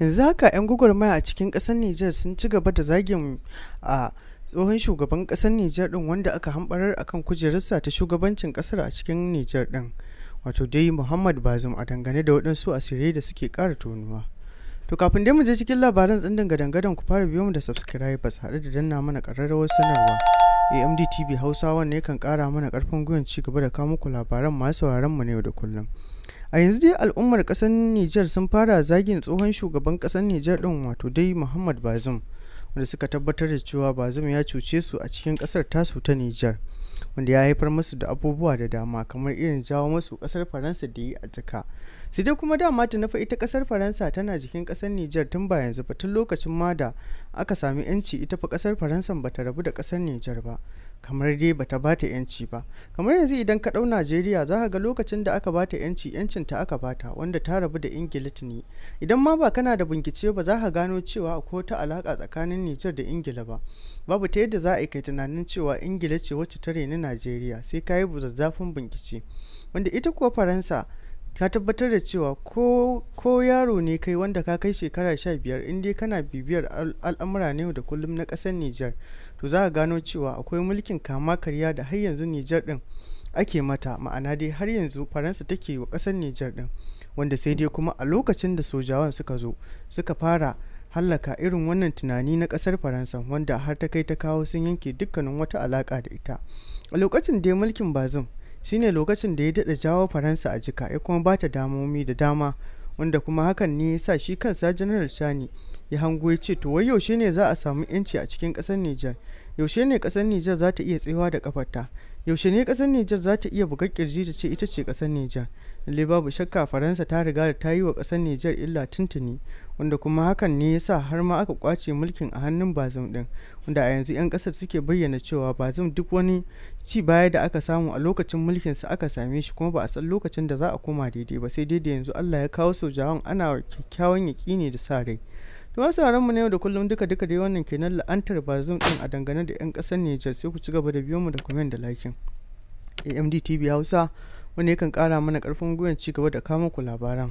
yanzu haka 'yan gwagwarmaya a cikin kasar niger sun ci gaba da zagin a tsohon shugaban kasar niger din wanda aka hambarar a kan kujerarsa ta shugabancin ƙasar a cikin niger din wato dai muhammad bazum a dangane da waɗansu asirai da suke ƙara tonuwa to kafin dai mu je cikin labaran tsindin gadangadan ku fara biyo mu da subscribers haɗu da danna mana ƙararrawar sanarwa amd tv hausa ne kan ƙara mana ƙarfin gwiwan ci gaba da kawo muku labaran masu sauraron mu na yau da kullum a yanzu dai al'ummar kasar nijar sun fara zagin tsohon shugaban kasar nijar din wato dai muhammad bazum wanda suka tabbatar da cewa bazum ya cuce su a cikin kasar tasu ta nijar wanda ya haifar musu da abubuwa da dama kamar irin jawo musu kasar faransa da yi a jika sai dai kuma dama ta nafa ita kasar faransa tana jikin kasar nijar tun ba yanzu ba tun lokacin ma da aka sami yanci ita fa kasar faransa ba ta rabu da kasar nijar ba kamar dai bata bata yanci ba kamar yanzu idan ka ɗau najeriya za ga lokacin da aka bata yanci yancin ta aka bata wanda ta rabu da ingila ne idan ma ba kana da bincike ba za ka gano cewa ko ta alaka tsakanin nijar da ingila ba babu ta yadda za a kai tunanin cewa ingila ce wacce ta reni najeriya sai ka yi bincike wanda ita ko faransa ka tabbatar da cewa ko yaro ne kai wanda ka kai shekara sha biyar in dai kana bibiyar al'amura na yau da kullum na ƙasar Nijar to za a gano cewa akwai mulkin kama karya da har yanzu Nijar din ake mata ma'ana dai har yanzu Faransa take wa ƙasar Nijar din wanda sai dai kuma a lokacin da sojawan suka zo suka fara hallaka irin wannan tunani na kasar faransa wanda har ta kai ta kawo sun yanke dukkanin wata alaka da ita a lokacin dai mulkin bazin shine lokacin da ya daɗa jawo faransa a jika ya kuma ba ta damomi da dama wanda kuma hakan ne ya sa shi kansa janar shani ya hango ya ce to wai yaushe ne za a samu yanci a cikin ƙasar Nijar yaushe ne kasar Nijar za ta iya tsewa da kafarta yaushe ne kasar Nijar za ta iya buga kirji ta ce ita ce kasar Nijar lalle babu shakka Faransa ta riga da ta yi wa ƙasar Nijar illa tuntuni wanda kuma hakan ne yasa har ma aka kwace mulkin a hannun Bazum din wanda a yanzu 'yan kasar suke bayyana cewa Bazum duk wani ci baya da aka samu a lokacin mulkin sa aka same shi kuma ba a san lokacin da za a koma daidai ba sai daidai yanzu Allah ya kawo sojawan ana kyakkyawan ne da sa rai to wasu mu ne da kullum duka duka dai wannan kenan la'antar bazum din a dangane da yan kasar Nijar sai ku ci gaba da biyo mu da comment da liking AMD TV Hausa wanda kan kara mana karfin gwiwa ci gaba da kawo ku labaran